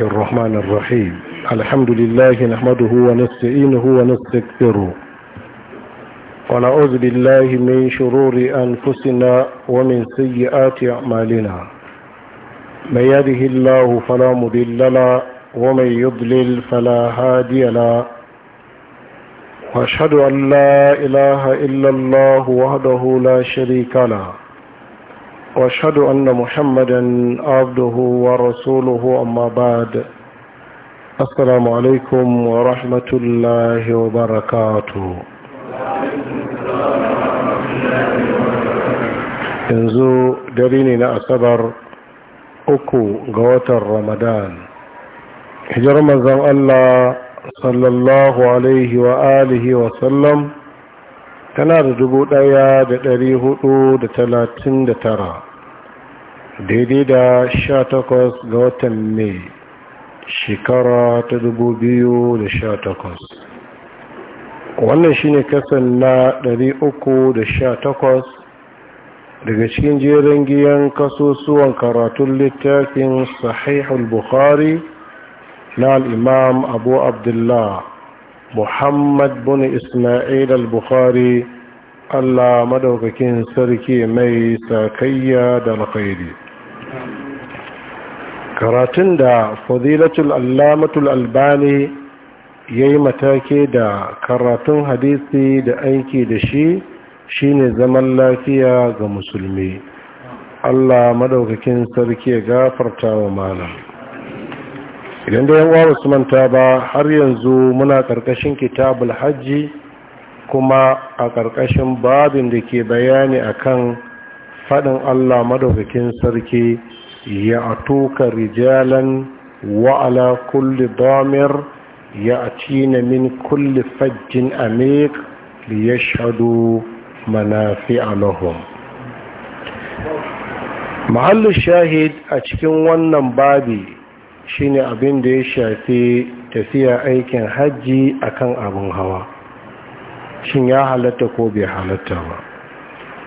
الله الرحمن الرحيم الحمد لله نحمده ونستعينه ونستكفره ونعوذ بالله من شرور أنفسنا ومن سيئات أعمالنا من يده الله فلا مضل له ومن يضلل فلا هادي له واشهد أن لا إله إلا الله وحده لا شريك له واشهد ان محمدا عبده ورسوله اما بعد السلام عليكم ورحمه الله وبركاته yanzu dare ne na asabar uku ga watan ramadan hijar manzon allah sallallahu alaihi wa alihi wa sallam tana da dubu ɗaya da dari hudu da talatin da tara daidai da sha takwas ga watan mai shekara ta dubu biyu da sha takwas. wannan shine kasan na uku da sha takwas daga cikin jerin giyan kasusuwan karatun littafin sahihul bukhari na al'imam abu abdullah muhammad bin isma'il al-bukhari allah madaukakin sarki mai sakayya da alkhairi karatun da fadilatul allamatul albani ya yi matake da karatun hadisi da aiki da shi shine zaman lafiya ga musulmi allah madaukakin sarki ya gafarta wa malam idan da yawon su manta ba har yanzu muna ƙarƙashin kitabul hajji kuma a ƙarƙashin babin da ke bayani akan faɗin Allah madaukakin sarki ya tuka rijalan wa'ala kulli damir ya atina min kulli fajjin amik li yashhadu manafi'a lahum mahallu shahid a cikin wannan babi shine abin da ya shafi tafiya aikin hajji akan abin hawa shin ya halatta ko bai halatta ba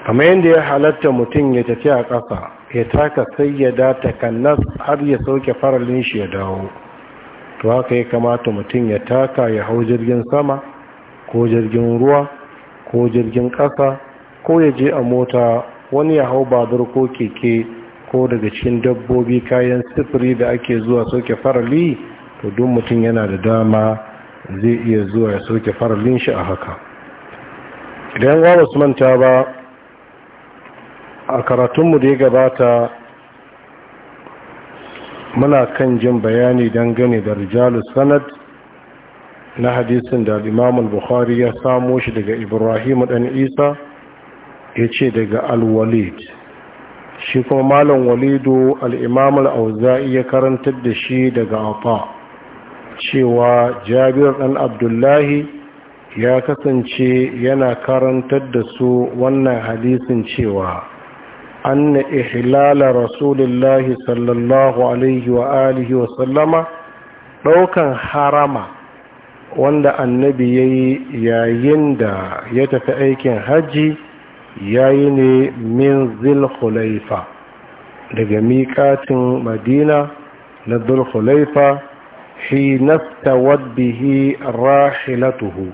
kamar yadda ya halatta mutum ya tafi a ƙasa ya taka sayyada takannas har ya sauke faralin shi ya dawo to haka ya kamata mutum ya taka ya hau jirgin sama ko jirgin ruwa ko jirgin ƙasa ko ya je a mota wani ya hau babur ko keke ko daga cikin dabbobi kayan sifiri da ake zuwa sauke farali to duk mutum yana da dama zai iya zuwa ya sauke faralin shi a haka idan wa wasu manta ba a karatunmu da ya gabata muna kan jin bayani dangane da rijalu sanad na hadisin da imamul bukhari ya samo shi daga ibrahim dan isa ya ce daga al-walid shi kuma malam walidu al auzai ya karanta da shi daga afa cewa jabir dan abdullahi ya kasance yana karantar da su wannan hadisin cewa أن إحلال رسول الله صلى الله عليه وآله وسلم ɗaukan harama, wanda annabi ya yi yayin da ya tafi aikin hajji ya yi ne min zulhulaifa daga miƙatin madina na zulhulaifa shi nastawad bihi rahilatuhu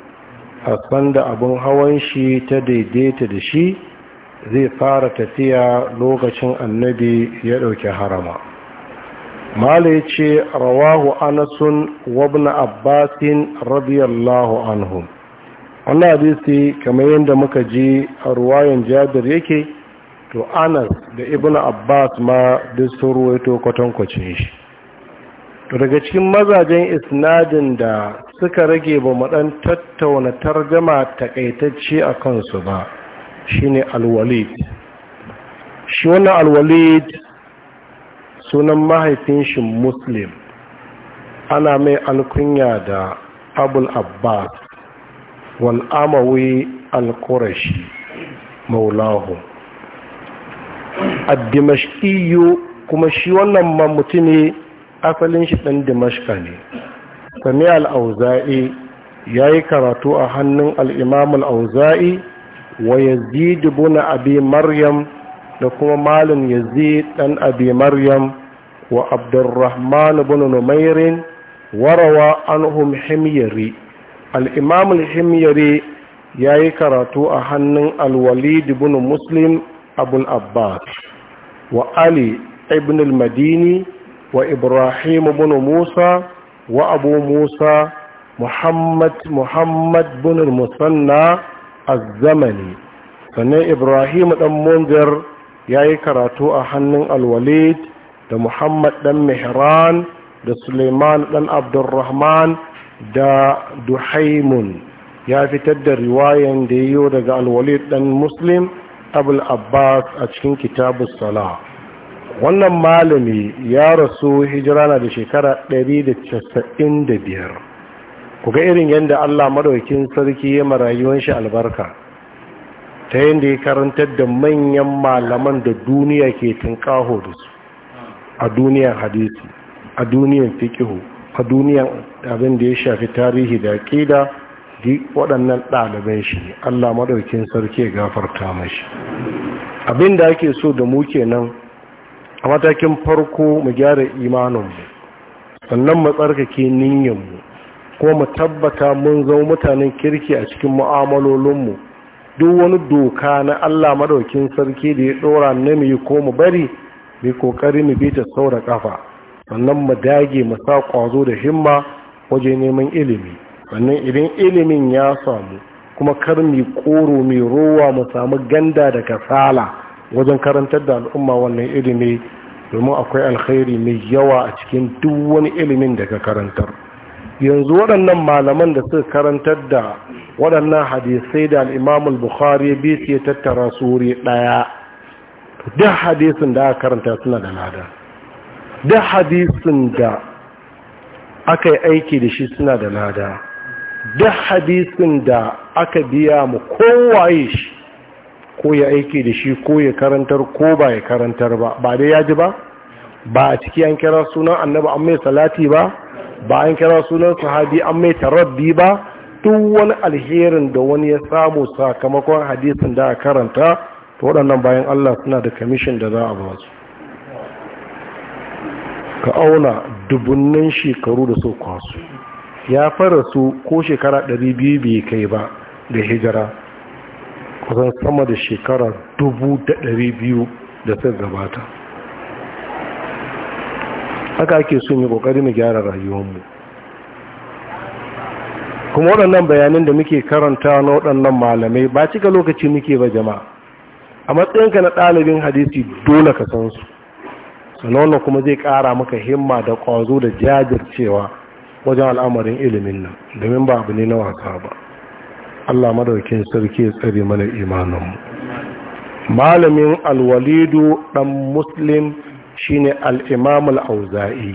a sanda abin hawan shi ta daidaita da shi zai fara tafiya lokacin annabi ya ɗauki harama mala ya ce rawahu anasun wabna abbasin radiyallahu anhu wannan hadisi kamar yadda muka ji a ruwayan jabir yake to anas da ibn abbas ma duk sun ruwaito kwatankwacin shi to daga cikin mazajen isnadin da suka rage ba mu ɗan tattauna targama takaitacce a kansu ba shine alwalid shi wannan alwalid sunan mahaifin shi muslim ana mai alkunya da abul abbas wal amawi al maulahu ad kuma shi wannan ne asalin shi dan dimashka ne sami al ya yi karatu a hannun al-imam auzai wa yazid ibn abi maryam da kuma malam yazid dan abi maryam wa abdurrahman ibn wa warawa anhum himyari al-imam al-himyari yayi karatu a hannun al-walid ibn muslim abul abbas wa ali ibn al-madini wa ibrahim ibn musa wa abu musa muhammad muhammad ibn al-musanna az-zamani sannan ibrahim dan munzir ya yi karatu a hannun alwalid da muhammad dan mihran da suleiman dan Abdulrahman da duhaimun ya fitar da riwayan da ya yiwu daga alwalid dan muslim abul abbas a cikin kitabu sala wannan malami ya rasu hijira na da shekara 195 ku ga irin yadda Allah maɗaukin sarki ya marayuwan shi albarka ta yadda ya karantar da manyan malaman da duniya ke tunkaho da su a duniyar hadisi a duniyar fikihu a duniyar abin da ya shafi tarihi da aƙida duk waɗannan ɗaliban shi Allah madaukin sarki ya gafarta mashi abin da ake so da muke nan, a matakin farko mu gyara imanin mu sannan mu tsarkake mu. ko mu tabbata mun zama mutanen kirki a cikin mu'amalolinmu duk wani doka na Allah madaukin sarki da ya dora na mu yi ko mu bari mu kokari mu bi ta saura kafa sannan mu dage mu sa kwazo da himma waje neman ilimi sannan idan ilimin ya samu kuma kar mu koro mu rowa mu samu ganda da kasala wajen karantar da al'umma wannan ilimi domin akwai alkhairi mai yawa a cikin duk wani ilimin da ka karantar yanzu waɗannan malaman da suka karantar da waɗannan hadisai da al’imam bukhari ya bi ya tattara su wuri ɗaya duk hadisin da aka karanta suna da lada duk hadisin da aka yi aiki da shi suna da lada duk hadisin da aka biya mu kowaye shi ko ya aiki da shi ko ya karantar ko ba ya karantar ba ba dai ya ji ba ba a ciki an kira sunan annabi an mai salati ba bayan kira sunan sahabi an mai tarabbi ba duk wani alherin da wani ya samu sakamakon hadisin da a karanta to waɗannan bayan Allah suna da kamishin da za a ba su ka auna dubunnan shekaru da so kwasu ya fara su ko shekara 200 bai kai ba da hijira kusan sama da shekara 200 da suka gabata haka ake so mu kokari mu gyara rayuwarmu kuma waɗannan bayanin da muke karanta na waɗannan malamai ba cika lokaci muke ba jama'a a matsayinka na ɗalibin hadisi dole ka san su sannan kuma zai ƙara maka himma da ƙwazo da jajircewa wajen al'amarin ilimin nan domin ba abu ne na wasa ba Allah madaukin sarki tsari mana mana imaninmu malamin alwalidu ɗan muslim shine al-imam auzai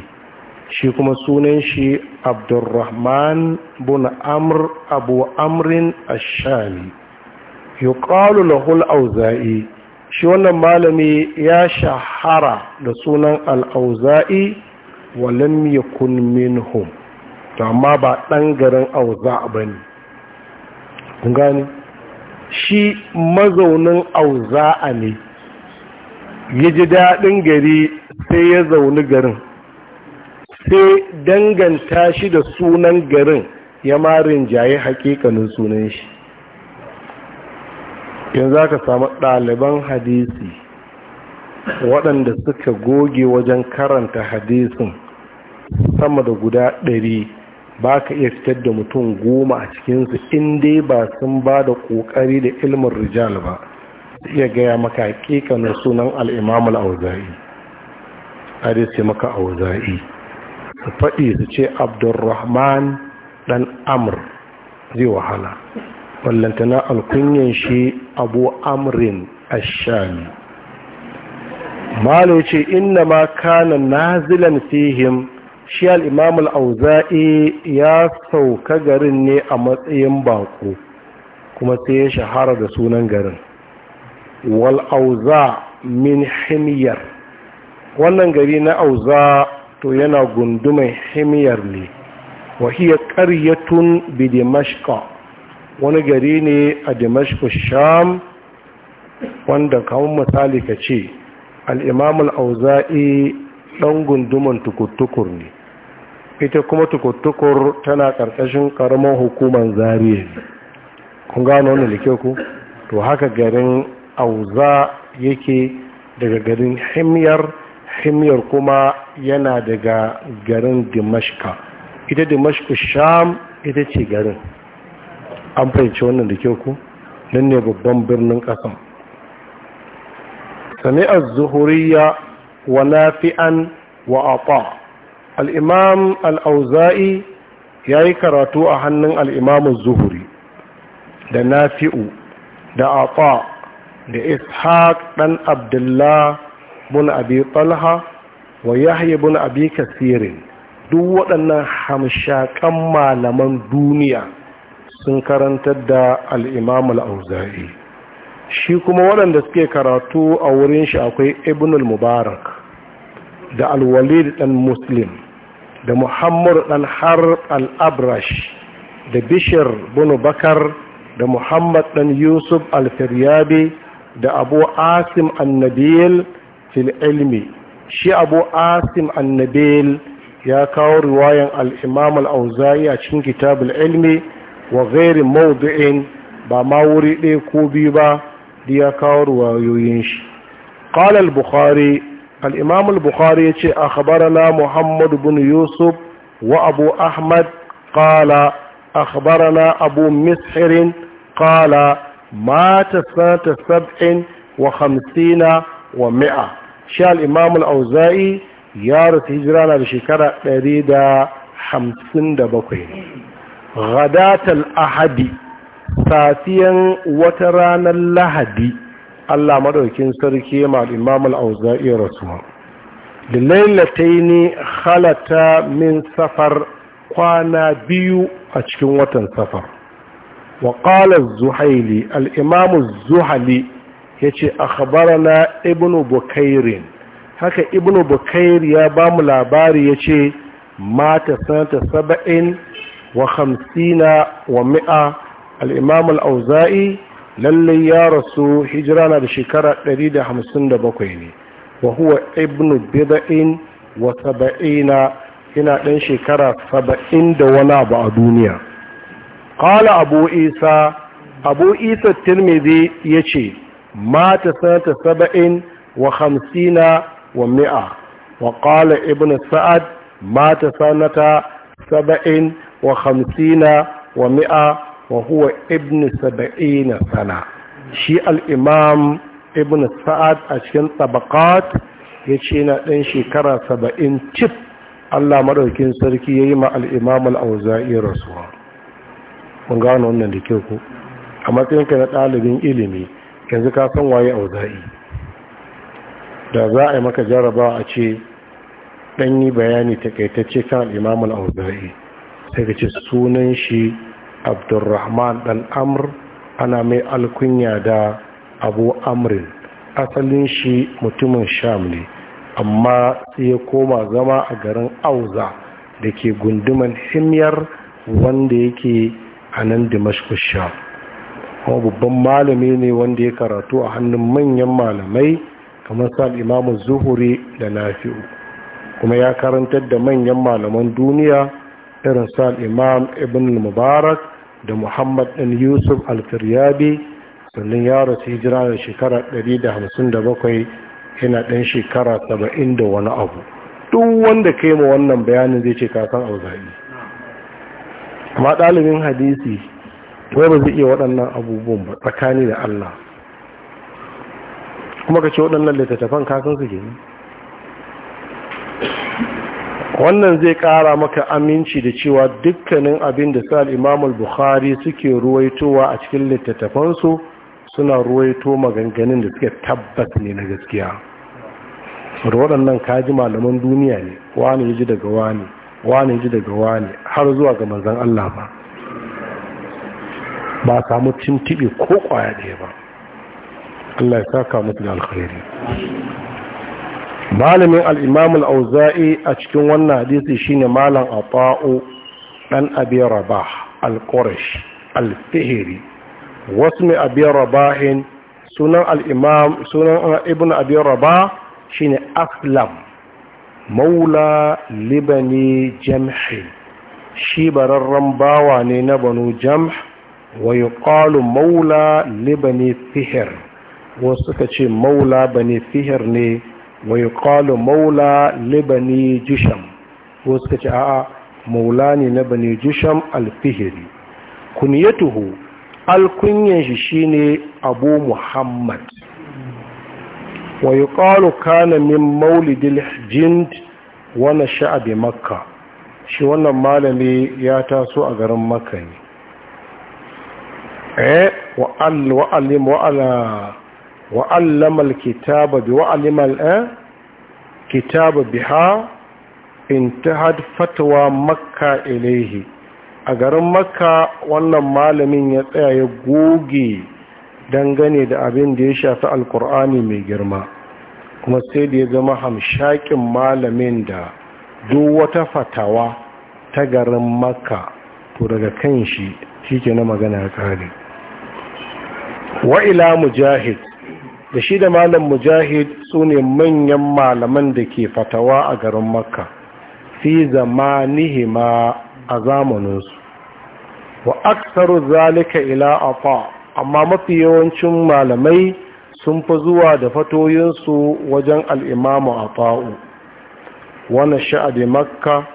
shi kuma sunan shi abdurrahman bin amr abu amrin ashani ya ƙalu lahul auzai shi wannan malami ya shahara da sunan al'auza'i walin wa yakun to amma ba ɗan garin auza ba ne. gane shi mazaunin auza'a ne ya ji daɗin gari sai ya zauni garin sai danganta shi da sunan garin ya marin jaye hakikanin sunan shi yanzu aka samu ɗaliban hadisi waɗanda suka goge wajen karanta hadisin sama da guda ɗari ba ka iya fitar da mutum goma a cikinsu inda ba sun ba da ƙoƙari da ilmin rijal ba ya gaya maka hakikanin sunan al'imamul auza'i a dai ce maka auza'i su faɗi su ce abdurrahman ɗan amur zai wahala ballantana alkunyan shi abu a ashami malo ce inna ma kana nazilan fihim shi al'imamul auza'i ya sauka garin ne a matsayin bako kuma sai ya shahara da sunan garin wal auza min himiyar wannan gari na auza to yana gunduman himiyar ne wahiyar ƙaryatun bi dimashqa wani gari ne a dimashqa sham wanda kawun misali ka ce al'imamul auza'i ɗan gunduman tukur ne ita kuma tukur tana ƙarƙashin ƙaramin hukumar zariya kun gano wani da ku to haka garin auza yake daga garin himyar himyar kuma yana daga garin dimashka ita dimashka sham ita ce garin an fahimci wannan da kyau ku nan ne babban birnin ƙasa sami'ar zuhuriya wa nafi'an wa ata al'imam al'auza'i ya yi karatu a hannun al'imamun zuhuri da nafi'u da ata da ishaq ɗan abdullah bin abi talha wa yahya bin abi kasirin duk waɗannan hamshakan malaman duniya sun karantar da al'imam al'auza'i shi kuma waɗanda suke karatu a wurin shi akwai ibn al-mubarak da al ɗan muslim da Muhammadu ɗan har al-abrash da bishir bin bakar da muhammad ɗan yusuf al-firyabi da abu asim annabil fil ilmi shi abu asim annabil ya kawo riwayan al'imam auza'i a cikin kitab ilmi wa gairi maudu'in ba ma wuri ɗaya ko biyu ba da ya kawo riwayoyin shi ƙala al-bukhari al'imam al-bukhari ya ce a muhammad bin yusuf wa abu ahmad qala a abu mishirin qala. mata sanata sab'in wa hamsina wa mi'a shi al'imam auza'i ya rasu hijira na shekara ɗari da hamsin da bakwai ghadatal ahadi safiyan wata ranar lahadi allah madaukin sarki ma al'imam al'auza'i rasuwa da lailatai ni halata min safar kwana biyu a cikin watan safar wa ƙalar zuhaili al'imamu zuhali ya ce na ibnu Bukairi haka ibnu Bukairi ya bamu labari ya ce mata sanata saba'in wa hamsina wa mi'a al'imamu al'auza'i lallai ya rasu hijira na da shekara 157 ne wa huwa ibnu bida'in wa saba'ina yana ɗan shekara saba'in da wani abu a duniya qala abu isa abu isa tirmidhi yace mata sanata saba'in wa hamsina wa mi'a wa qala Ibn sa'ad mata sanata saba'in wa hamsina wa mi'a wa huwa ibnu saba'ina sana shi al'imam ibn sa'ad a cikin tabakat ya ce na ɗan shekara saba'in cif allah maɗaukin sarki ya yi ma al'imam al'auza'i rasuwa mun gano wannan da kyau ko a matsayin ka na ɗalibin ilimi yanzu ka san waye auza'i da za a yi maka jaraba a ce ɗan yi bayani takaitacce kan al'imam al'auza'i sai ka ce sunan shi abdurrahman ɗan amr ana mai alkunya da abu amrin asalin shi mutumin sham ne amma sai ya koma zama a garin auza da ke gunduman himyar wanda yake a nan dimashkus sha kuma babban malami ne wanda ya karatu a hannun manyan malamai kamar sa imamu zuhuri da nafi'u kuma ya karantar da manyan malaman duniya irin sa imam ibn mubarak da muhammad ɗin yusuf alfiryabi sannan ya rasu hijira da shekara 157 yana ɗan shekara 70 da wani abu duk wanda kai ma wannan bayanin zai ce kasan auzari amma ɗalibin hadisi wai ba zai iya waɗannan abubuwan ba tsakani da Allah kuma ka ce waɗannan littattafan kasan su ke wannan zai ƙara maka aminci da cewa dukkanin abin da alimam imamul bukhari suke ruwaitowa a cikin littattafansu suna ruwaito maganganun da suke tabbas ne na gaskiya da waɗannan kaji malaman duniya ne wani ya ji daga wani wane ji daga wane har zuwa ga manzan Allah ba ba samu tintibi ko kwaya ɗaya ba Allah ya saka mutu da alkhairi malamin al-imam auzai a cikin wannan hadisi shine malam ata'u ɗan abi rabah al-qurash al-fihri wasmi abi rabah sunan al-imam sunan ibn abi rabah shine aslam maula libani jamhi shi bararren bawa ne na banu jamh wa yuqalu maula libani fihir wasu ka ce maula bani fihir ne wa yuqalu maula libani jisham wasu ka ce a'a maula ne na bani jisham alfihiri kunyatuhu alkunyan shi shine abu muhammad wa yuqalu kana min maulidil jind wa nasha'a bi shi wannan malami ya taso a garin makka ne eh wa al wa alim wa ala wa allama al kitaba bi wa alima al eh, fatwa makka ilayhi a garin makka wannan malamin ya tsaya ya goge dangane da abin da ya shafi alkur'ani mai girma kuma sai da ya zama hamshakin malamin da duk wata fatawa ta garin makka to daga kan shi shike na magana kare Wa'ila mujahid da shi da malam mujahid su ne manyan malaman da ke fatawa a garin makka fi nihima a zamaninsu wa aksaru zalika ila afa amma mafi yawancin malamai sun fi zuwa da fatoyinsu wajen al'imamu a fa'u wani sha'adi makka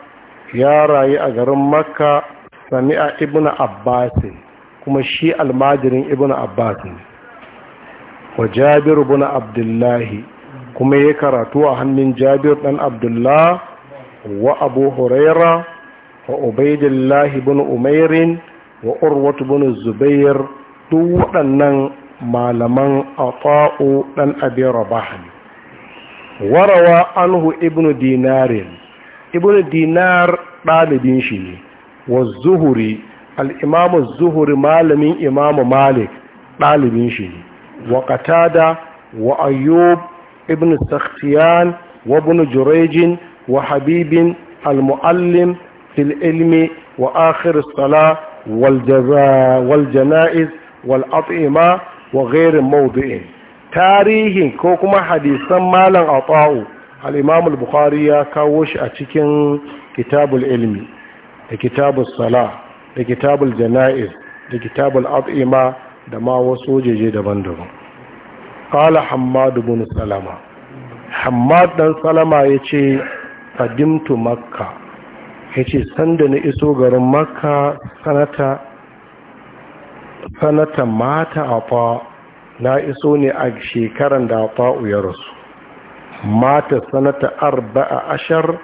ya rayu a garin makka sami'a ibn Abbasi kuma shi almajirin ibn Abbasi wa jabir buna abdullahi kuma ya karatu a hannun jabir ɗan Abdullahi wa abu huraira wa ubaidillahi buna umairin wa urwatu buna Zubairu. duk waɗannan malaman ata'u ɗan abin rabaha warawa anhu ibnu dinarin ibnu dinar ɗalibin shi ne wa zuhuri al'imamu zuhuri malamin imamu malik ɗalibin shi ne wa katada wa ayyub ibn saktiyan wa ibn jurejin wa habibin al-mu'allim fil ilmi wa akhir sala wal jana'iz wal at'ima wa ghairi mawdi'in tarihin ko kuma hadisan malam ata'u al-imam bukhari ya kawo shi a cikin kitabul ilmi da kitabul sala da kitabul janaiz da kitabul at'ima da ma wasu jeje daban-daban qala hammad ibn salama hammad dan salama yace qadimtu makka yace sanda na iso garin makka sanata sanata mata afa na iso ne a shekaran da afa'u ya rasu mata sanata arba'a ashar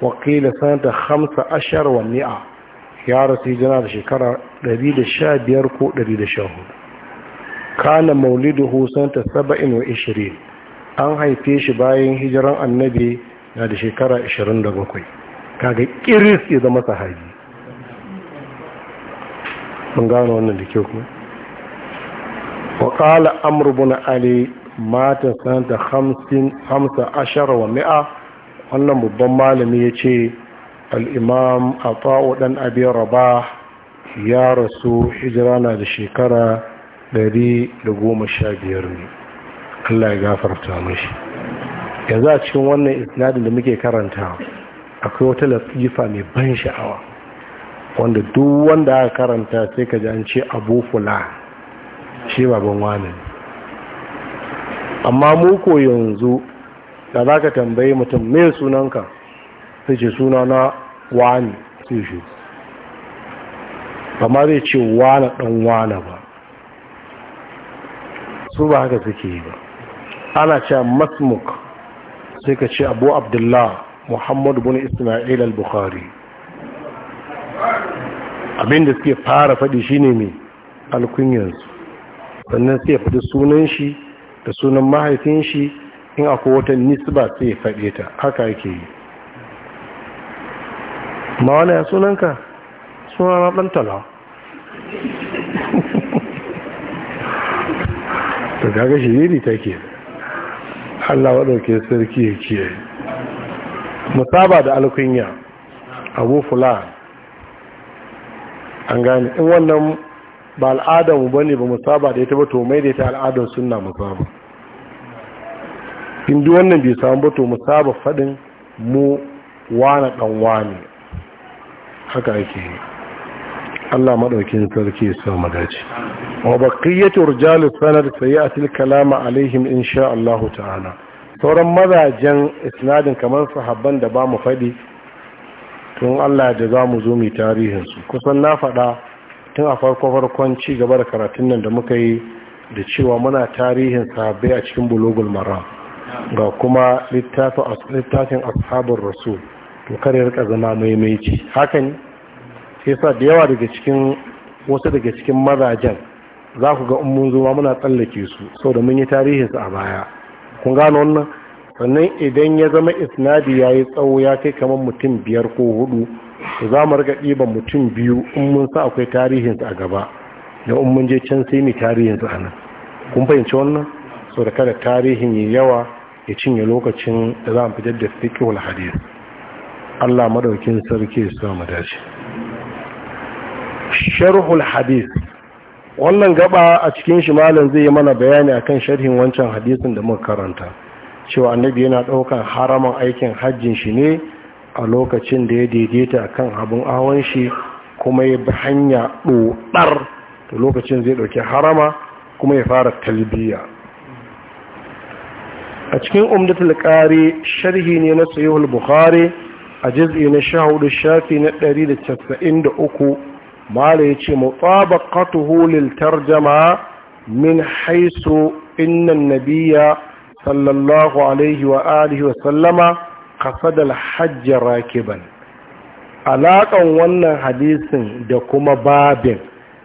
wakila sanata hamsa ashar wa mi'a ya rasu jana da shekara 115 ko 114 kana maulidu wa ishirin an haife shi bayan hijiran annabi na da shekara 27 kaga kiris ya zama sahabi mun gano wannan da kyau kuma wa qala amr ibn ali mata sanata hamsin 15 wa mi'a wannan babban malami ya ce al-imam ata'u dan abi rabah ya rasu hijira na da shekara 115 ne Allah ya gafarta mashi yanzu a cikin wannan isnadin da muke karanta akwai wata latifa mai ban sha'awa wanda duk wanda aka karanta sai ka ji an ce abu fula shi babban wani amma mu yanzu da za ka tambaye mutum mai sunanka sai ce suna na wani su shi amma zai ce wani ɗan wani ba su ba haka suke yi ba ana ce masmuk sai ka ce abu abdullah muhammadu bin ismail al-bukhari abin da suke fara faɗi shine mai alkunyansu sannan sai faɗi sunan shi da sunan mahaifin shi in akwai wata nisba sai faɗe ta haka yake yi ma wani ya sunanka suna na ɗan tala ta kaga shiriri ke Allah waɗauke sarki ya kiyaye musaba da alkunya abu fulani an gane in wannan ba al'adar mu bane ba mu saba da ita ba to mai da ita al'adar sunna mu saba in duk wannan bai samu ba to mu saba fadin mu wana dan wani haka ake Allah madaukin sarki ya sa madaci wa baqiyatu rijal sanad sayati kalama alaihim insha Allah ta'ala sauran mazajen isnadin kamar sahabban da ba mu fadi tun Allah da za mu zo mai tarihinsu kusan na faɗa tun a farko-farkon ci gaba da karatun nan da muka yi da cewa muna tarihin sahabbai a cikin bulogul mara ga kuma littafin ashabar rasu to kare rika zama maimaici hakan sai sa da yawa daga cikin wasu daga cikin mazajen za ku ga mun zo muna tsallake su saboda mun yi tarihinsu a baya kun gano wannan sannan idan ya zama isnadi ya yi tsawo ya kai kamar mutum biyar ko hudu za mu riga ɗiban mutum biyu in mun sa akwai tarihinsu a gaba da in mun je can sai mu tarihinsu a nan kun fahimci wannan so da kada tarihin ya yawa ya cinye lokacin da za mu fitar da fiqhul hadith Allah madaukin sarki ya sa mu dace sharhul hadith wannan gaba a cikin shi malam zai yi mana bayani akan sharhin wancan hadisin da muka karanta cewa annabi yana ɗaukan haraman aikin hajjin shi ne a lokacin da ya daidaita kan abin awon shi kuma ya bi hanya ɗoɗar da lokacin zai ɗauki harama kuma ya fara talbiya a cikin umdatul ƙari sharhi ne na sayuhul bukhari a jiz'i na sha hudu shafi na ɗari da casa'in da uku mala ya ce mutabaqatuhu lil tarjama min haisu innan nabiya sallallahu alaihi wa alihi wa sallama kasadal hajji rakiban alaƙan wannan hadisin da kuma babin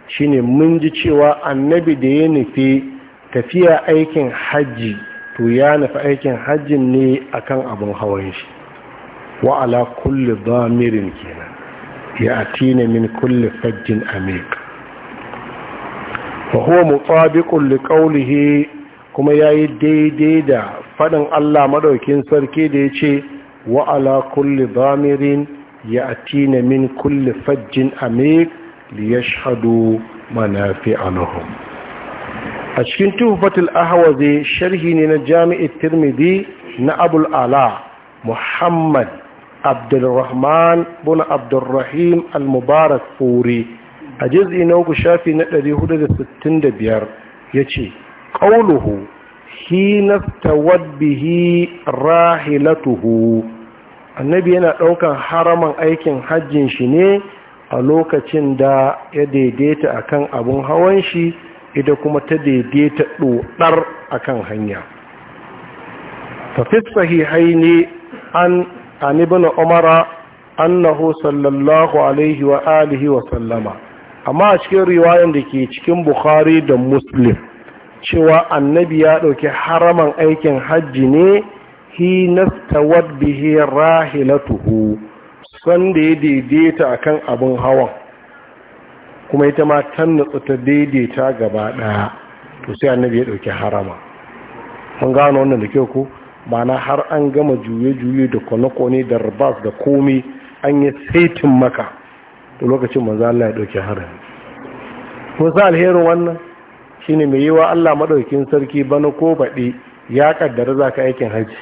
shine mun ji cewa annabi da ya nufi tafiya aikin hajji to ya nufi aikin hajjin ne akan abin hawan shi wa ala kulli damirin kenan ya atina min kulli fajjin amik wa huwa mutabiqun li qawlihi kuma ya yi daidai da faɗin Allah maɗaukin sarki da ya ce wa ala kulli bamirin ya atina min kulli fajjin amik liya yashhadu manafi'a lahum a cikin tuhfatul zai sharhi ne na jami'in tirmidhi na abul ala muhammad abdulrahman bin abdulrahim al-mubarak a jiz'i na uku shafi na 465 ya ce ƙauluhu shi nastawad bihi rahilatuhu annabi yana ɗaukan haraman aikin hajjin shi ne a lokacin da ya daidaita akan abun hawan shi ita kuma ta daidaita ɗoɗar akan hanya tafis sahihaini an an ibn umara annahu sallallahu alaihi wa alihi wa sallama amma a cikin riwayan da ke cikin bukhari da muslim cewa annabi ya ɗauki haraman aikin hajji ne hi nastawat bihi rahilatuhu sanda ya daidaita akan abin hawan kuma ita ma tan nutsu ta daidaita gaba ɗaya to sai annabi ya ɗauki harama mun gano wannan da kyau ko na har an gama juye-juye da kone da rabas da komi an yi saitin maka to lokacin manzo Allah ya ɗauki harami ko sa alherin wannan shine mai yiwa Allah maɗaukin sarki bana ko baɗi ya kaddara za ka aikin hajji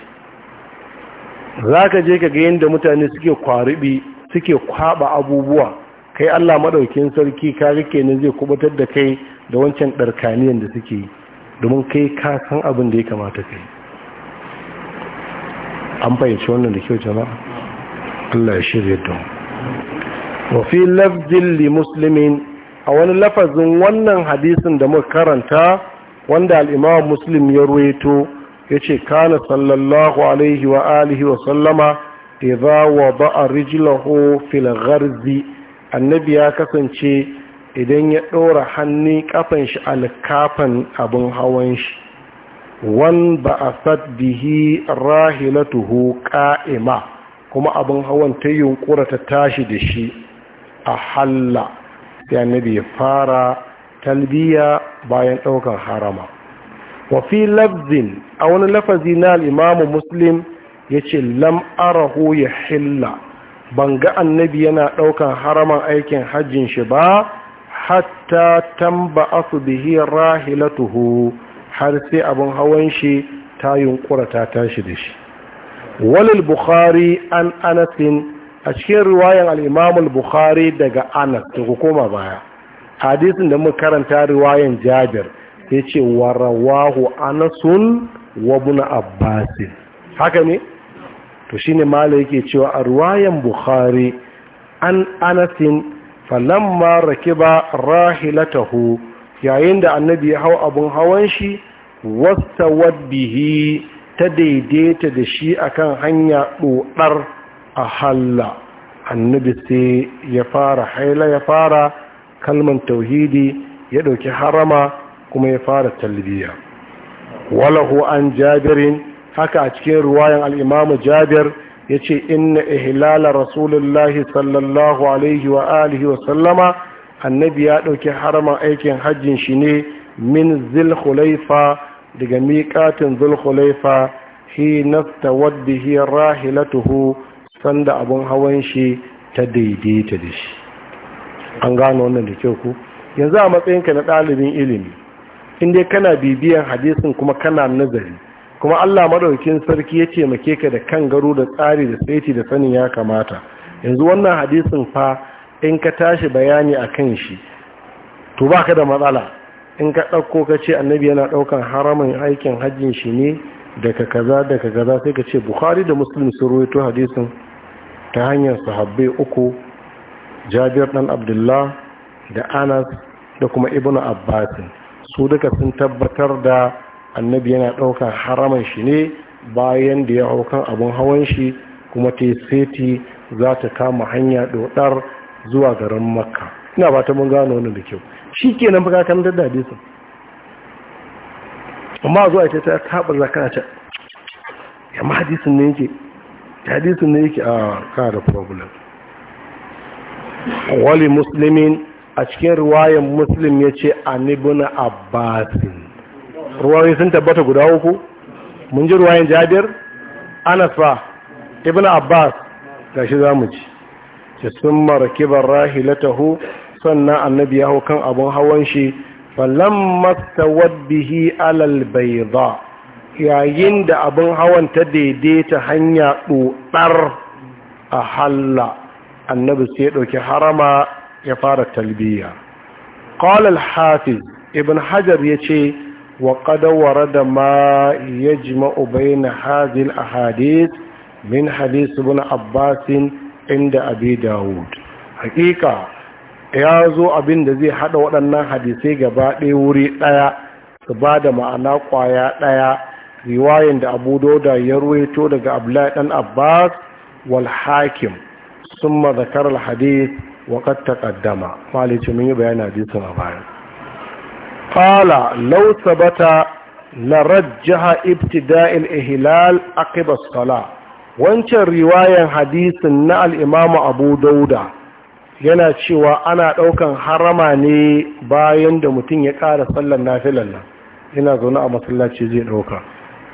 za ka je ka ga yadda mutane suke kwaribi suke kwaɓa abubuwa kai Allah maɗaukin sarki ka rike ne zai kubutar da kai da wancan ɗarkaniyan da suke yi domin kai ka san abin da ya kamata kai an fahimci wannan da kyau jama'a Allah ya shirya don wa fi lafzin li a wani lafazin wannan hadisin da muka karanta wanda al'imam muslim ya ruweto ya ce kana sallallahu alaihi wa alihi wa sallama idza wada'a rijlahu fil gharzi annabi ya kasance idan ya ɗora hannu kafan shi alkafan abin hawan shi wan ba ba'asat bihi rahilatuhu Ka'ima kuma abin hawan ta yunkura ta tashi da shi a halla sai annabi ya fara talbiya bayan ɗaukan harama wafi lafzin a wani lafazi na al'imamu muslim ya ce lam ya hilla ban ga annabi yana ɗaukan haraman aikin hajjin shi ba hatta tamba asu bihi rahilatuhu har sai abin hawan shi ta yunkura ta tashi da shi walil bukhari an anasin a cikin riwayan al'imamul bukhari daga anas da koma baya hadisin da muka karanta riwayan jabir ya ce wa rawahu anasun wa abbasin haka ne to shine mala yake cewa a riwayan bukhari an anasin falamma rakiba rahilatahu yayin da annabi ya hau abin hawan shi wasta bihi ta daidaita da shi akan hanya ɗoɗar a halla annabi sai ya fara haila ya fara kalman tauhidi ya ɗauki harama kuma ya fara talbiya walahu an jabirin haka a cikin ruwayan al'imamu jabir ya ce inna ihlala rasulullahi sallallahu alaihi wa alihi wa sallama annabi ya ɗauki harama aikin hajjin shi ne min zulhulaifa daga miƙatin zilhulaifa hi nasta wadda hi rahilatuhu sanda abun hawan shi ta daidaita da shi an gano wannan da kyau ku yanzu a matsayinka na ɗalibin ilimi inda kana bibiyan hadisin kuma kana nazari kuma allah maɗaukin sarki ya taimake ka da kan garo da tsari da saiti da sanin ya kamata yanzu wannan hadisin fa in ka tashi bayani a kan shi to ba ka da matsala in ka ɗauko ka ce annabi yana ɗaukan haramin aikin hajjin shi ne daga kaza daga kaza sai ka ce bukhari da muslim sun ruwaito hadisin ta hanyar sahabbai uku jabir dan abdullah da anas da kuma ibnu abbas su duka sun tabbatar da annabi yana ɗaukar haraman shi ne bayan da ya haukan abin hawan shi kuma ta seti za ta kama hanya ɗoɗar zuwa garin makka ina ba ta mun gano wani da kyau shi ke nan baka kan dadda su amma zuwa ita ta taɓa zakana ta yamma hadisin ne yake hadisi ne yake a ah, kada problem wali muslimin a cikin ruwayan muslim ya ce anibina abbasin ruwayi sun tabbata guda uku mun ji ruwayan jabir Anasa, ibn abbas gashi za mu ci ce sun Rahi rahilatahu sannan annabi ya hau kan abin hawan shi falon mastawar hi alal bai yayin da abin hawan ta daidaita hanya ɗoɗar a halla annabi sai ɗauki harama ya fara talbiya ƙalal hafiz ibn hajar ya ce wa ƙadawara da ma ya jima'u na hazil a hadis min hadis ibn abbasin inda abi dawud hakika ya zo abin da zai haɗa waɗannan hadisai gaba ɗaya wuri ɗaya su ba da ma'ana ƙwaya ɗaya riwayan da abu dauda ya ruwaito daga abdullahi dan abbas wal hakim summa zakar al hadith wa qad taqaddama malice mun yi bayani hadisin a baya qala law sabata la rajjaha ibtida' al ihlal aqiba as sala wancan riwayan hadisin na al imam abu dauda yana cewa ana daukan harama ne bayan da mutum ya ƙara sallar nafilan nan yana zaune a masallaci zai dauka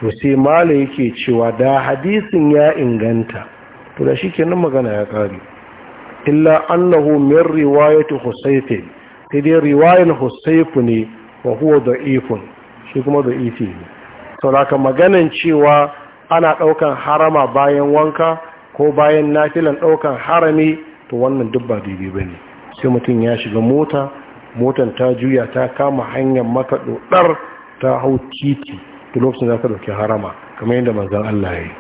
to sai mala yake cewa da hadisin ya inganta to da kenan magana ya kare illa annahu min riwayati husayf sai dai riwayar husayf ne wa huwa da'ifun shi kuma da'ifi ne laka maganan cewa ana daukan harama bayan wanka ko bayan nafilan daukan harami to wannan duk ba daidai bane sai mutum ya shiga mota motan ta juya ta kama hanyar makaɗo ɗar ta hau titi to lokacin za ka ɗauki harama kamar yadda manzan Allah ya yi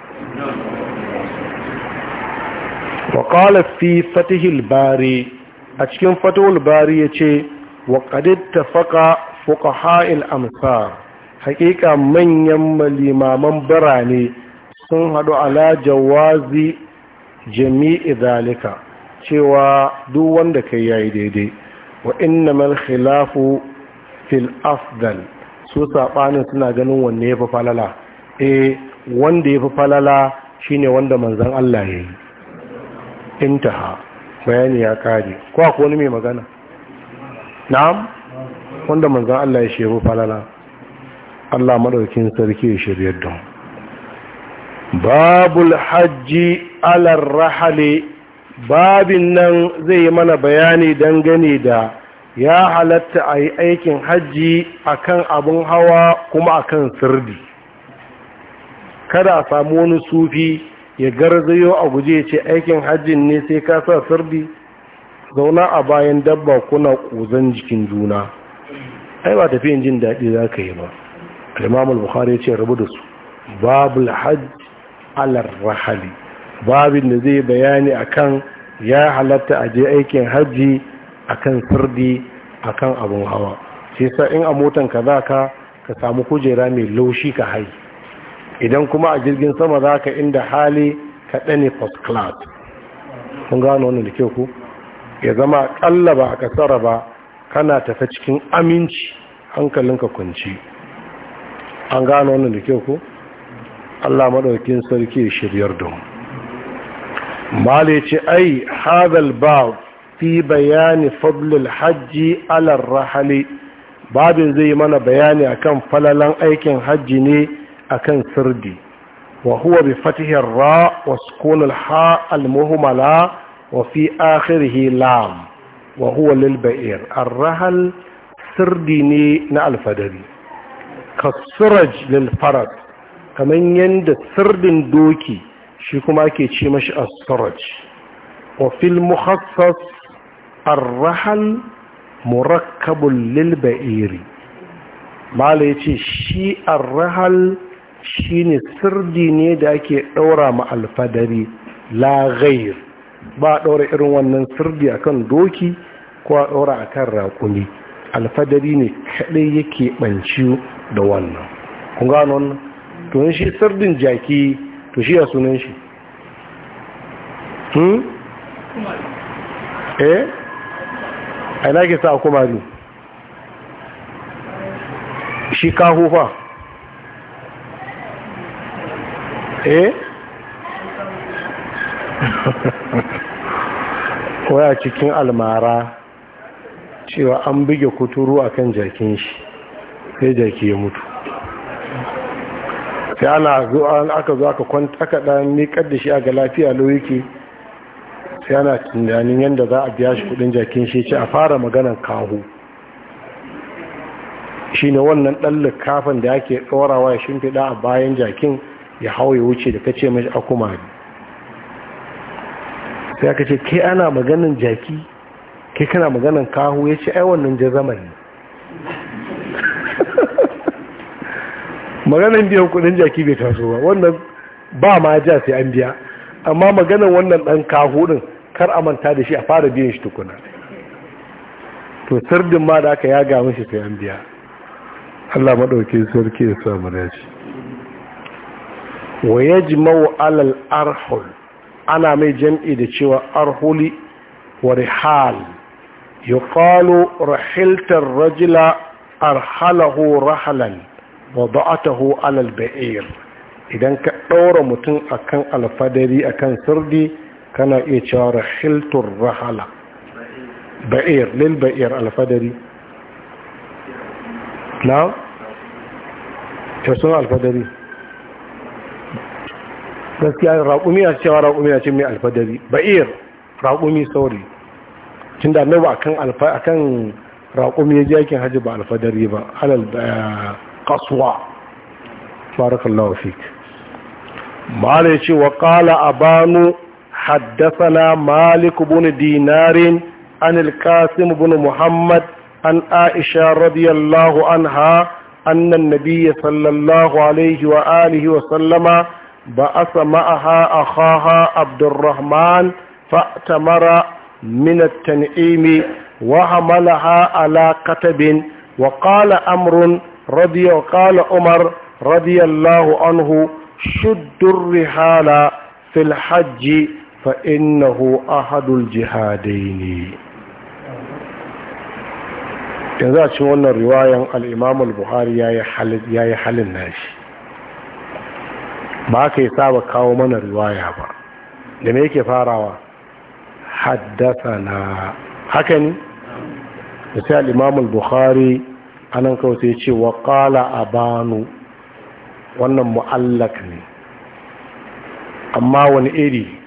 wa fi fatihil bari a cikin fatihul bari ya ce wa ƙadidta faka fuqaha'il amsar haƙiƙa manyan malimaman birane sun haɗu ala jawazi jami'i zalika cewa duk wanda kai yayi daidai wa innamal khilafu fil afdal su saɓanin suna ganin wanne ya fi falala eh wanda ya fi falala shine wanda manzan Allah ya yi intaha bayani ya kare ko akwai wani mai magana na'am wanda manzan Allah ya ya fi falala Allah maɗaukin sarki ya shirya don babul hajji alar rahale babin nan zai yi mana bayani dangane da ya halatta a yi aikin hajji akan abin hawa kuma akan sirdi kada a samu wani sufi ya garzayo a guje ce aikin hajji ne sai ka sa sirdi zauna a bayan dabba kuna kuzan jikin juna ai ba tafiyan jin daɗi za ka yi ba al'imamul bukhari ce rabu da su babul hajj alar rahali babin da zai bayani akan ya halatta a je aikin hajji akan sirdi akan abun hawa sai sa in a motan ka za ka ka samu kujera mai laushi ka hai idan kuma a jirgin sama za ka inda hali ka dane first class kun gano wannan da ku ya zama ƙalla ba a kasara ba kana tafi cikin aminci hankalinka kunci an gano wannan da kyau ku Allah maɗaukin sarki shiryar don male ce ai hadal ba'd fi bayani fadlil hajji alar rahali babin zai mana bayani akan falalan aikin hajji ne akan sirdi wa huwa bi fatihir ra wa sukunil ha al wa fi akhirih lam wa huwa lil ba'ir ar-rahal sirdi ne na alfadari kasuraj lil farad kaman yanda sirdin doki shi kuma ake ce mashi as-suraj wa fil mukhassas arrahal murakkabun lilba'iri mala ya ce shi arrahal shi ne sirdi ne da ake ɗaura ma alfadari la ghair ba ɗaura irin wannan sirdi akan doki ko a ɗaura kan rakumi alfadari ne kaɗai yake ɓanci da wannan kun gano wannan to shi sirdin jaki to shi ya sunan shi eh a ke sa kuma ne shi kahu fa eh koya cikin almara cewa an buge kuturu a kan jakin shi sai jaki ya mutu sai ana aka zo aka kwanta kaɗa ɗan miƙar da aga lafiya lauyuki sai ana tunanin yadda za a biya shi kudin jakin shi ce a fara maganan kahu shi ne wannan ɗan likafin da ake tsorawa ya shimfiɗa a bayan jakin ya hau ya wuce da kace mashi ne. sai aka ce ke ana maganin jaki ke kana maganin kahu ya ce ai wannan jazama ne maganin biyan kudin jaki bai taso ba wannan ba ma ja sai an biya amma maganin wannan ɗan kahu ɗin kar a manta da shi a fara biyan shi tukuna to sardin ma da aka yaga mashi sai an biya Allah maɗauki sarki ya samu shi wa yajma'u alal arhul ana mai jam'i da cewa arhuli wa rihal yuqalu rahilta ar-rajula arhalahu rahalan wada'atahu alal ba'ir idan ka ɗaura mutum akan alfadari akan sirdi kana iya cewa rahiltun rahala ba'ir lil ba'ir alfadari na tasirin alfadari gaskiya raƙumi a cewa raƙumi a ce mai alfadari ba'ir raƙumi sauri cin da annabi akan raƙumi ya ji yakin hajji ba alfadari ba halal kasuwa eh, barakallahu fik ma'ala ya ce wa ƙala a banu حدثنا مالك بن دينار عن القاسم بن محمد عن عائشة رضي الله عنها أن النبي صلى الله عليه وآله وسلم بعث معها أخاها عبد الرحمن فأتمر من التنعيم وحملها على كتب وقال أمر رضي قال عمر رضي الله عنه شد الرحال في الحج fa innahu ahadul jihadaini yanzu a cikin wannan riwayan al-imam al-bukhari yayi halin na shi, ba ka saba kawo mana riwaya ba da me yake farawa haddasa na haka ne da sai al Buhari al-bukhari anan kawai sai ce wa abanu wannan mu'allak ne amma wani iri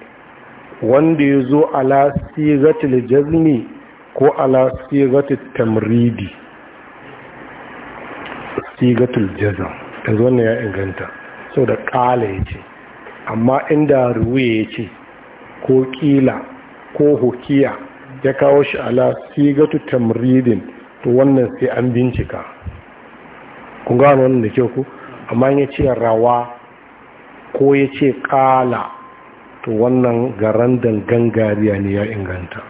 wanda ya zo ala sigatul jazmi ko ala sigatul tamridi sigatul jazm yanzu wannan ya inganta sau da ƙala ya ce amma inda ruwe ya ce ko ƙila ko hukiya ya kawo shi ala tamridin to wannan sai an bincika kun gano wannan da kyau ku amma ya ce rawa ko ya ce ƙala to wannan garan dangan gariya ne ya inganta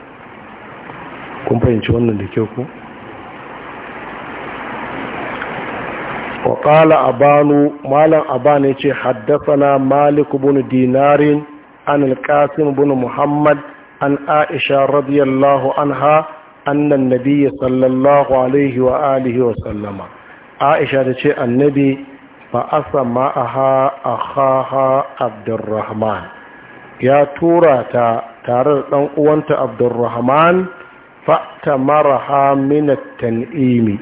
kun fahimci wannan da ke ku? waƙala abanu malam abanu ce na malik bin dinarin an alƙasim bin muhammad an aisha radiyallahu anha annan nabiya sallallahu alaihi wa alihi wa sallama aisha da ce annabi ba a sama a ha abdurrahman ya tura ta tare da ɗan uwanta abdurrahman fata maraha minat tan'imi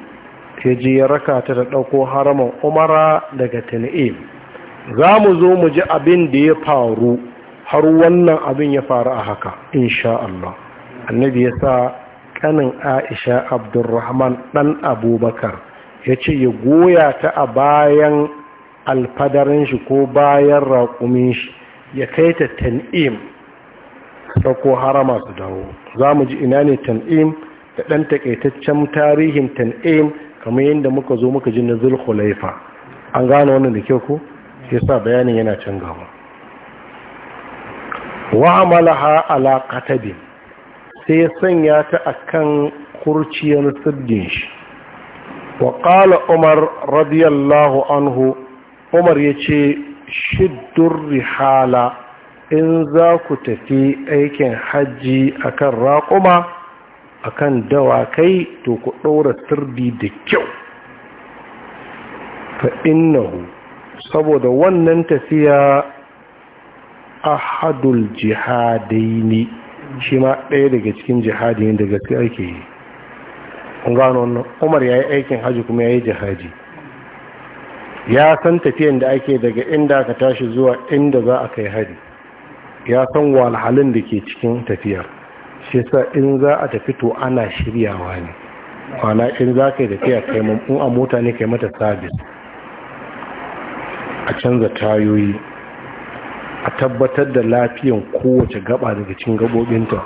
ta ji ya raka ta da ɗauko haraman umara daga tan'im za mu zo mu ji abin da ya faru har wannan abin ya faru a haka insha Allah annabi ya sa kanin aisha abdurrahman ɗan abubakar ya ce ya goya ta a bayan alfadarin shi ko bayan raƙumin shi ya kai ta tan'im ko harama su dawo za mu ji ina ne tan'im da ɗan taƙaitaccen tarihin tan'im kamar yadda muka zo muka ji na zulhulaifa an gane wannan da kyau ko ya sa bayanin yana can gaba wa amalaha ala qatabin sai ya sanya ta a kan kurciyar siddin shi wa ƙala umar radiyallahu anhu umar ya ce. shiddur rihala in za ku tafi aikin hajji akan raƙuma akan dawakai to ku ɗora sirdi da kyau fa innahu saboda wannan tafiya ahadul ne. shi ma ɗaya daga cikin jihadi daga gaske ake yi gano umar ya yi aikin hajji kuma ya yi jihadi ya san tafiyan da ake daga inda aka tashi zuwa inda za a kai hari ya san walhalin da ke cikin tafiyar shi sa in za a tafi to ana shiryawa ne kwana in za ka yi tafiya kai mamun a mota ne kai mata sabis a canza tayoyi a tabbatar da lafiyan kowace gaba daga cin gabobinta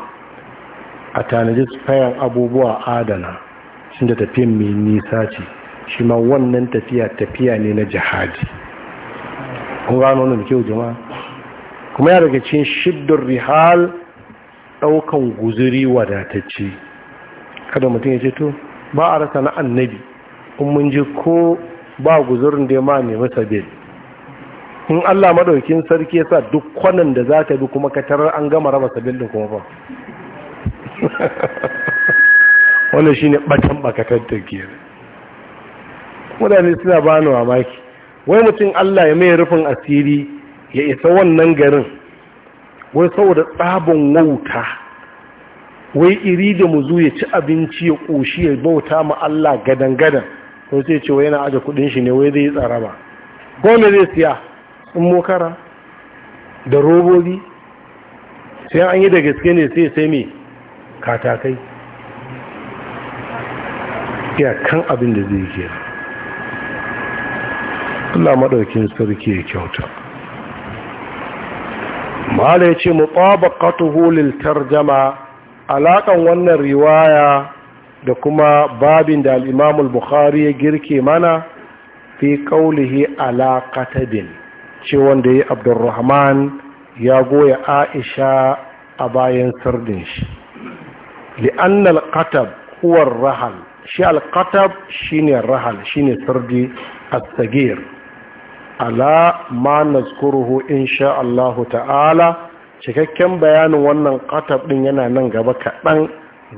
a tanaji tsayan abubuwa adana shi da tafiyan mai nisa ce shi ma wannan tafiya tafiya ne na jihadi kun gano wannan da kyau jama'a kuma ya daga cikin shiddar rihal daukan guzuri wadatacce kada mutum ya ce to ba a rasa na annabi in mun je ko ba guzurin da ya ma nemi sabil in Allah madaukin sarki yasa duk kwanan da za ta bi kuma ka tarar an gama raba sabil din kuma ba wannan shine batan bakatar da mutane suna ba ni mamaki wai mutum Allah ya mai rufin asiri ya isa wannan garin wai saboda tsabon wauta wai iri da mu ya ci abinci ya ƙoshi ya bauta ma Allah gadan-gadan ko sai ce wai yana aje kudin shi ne wai zai yi tsara ba me zai siya in mokara da robobi sai an yi da gaske ne sai sai me katakai ya kan abin da zai kera Allah madaukin sarki ya kyauta mala yace mutabaqatuhu lil tarjama alakan wannan riwaya da kuma babin da al-Imam al-Bukhari ya girke mana fi qawlihi ala ce wanda ya Abdurrahman ya goya Aisha a bayan sardin shi li'anna al-qatab huwa ar-rahal shi al-qatab shine rahal shine sardi as-sagir ala ma nazkuruhu insha ta'ala cikakken bayanin wannan qatab din yana nan gaba kaɗan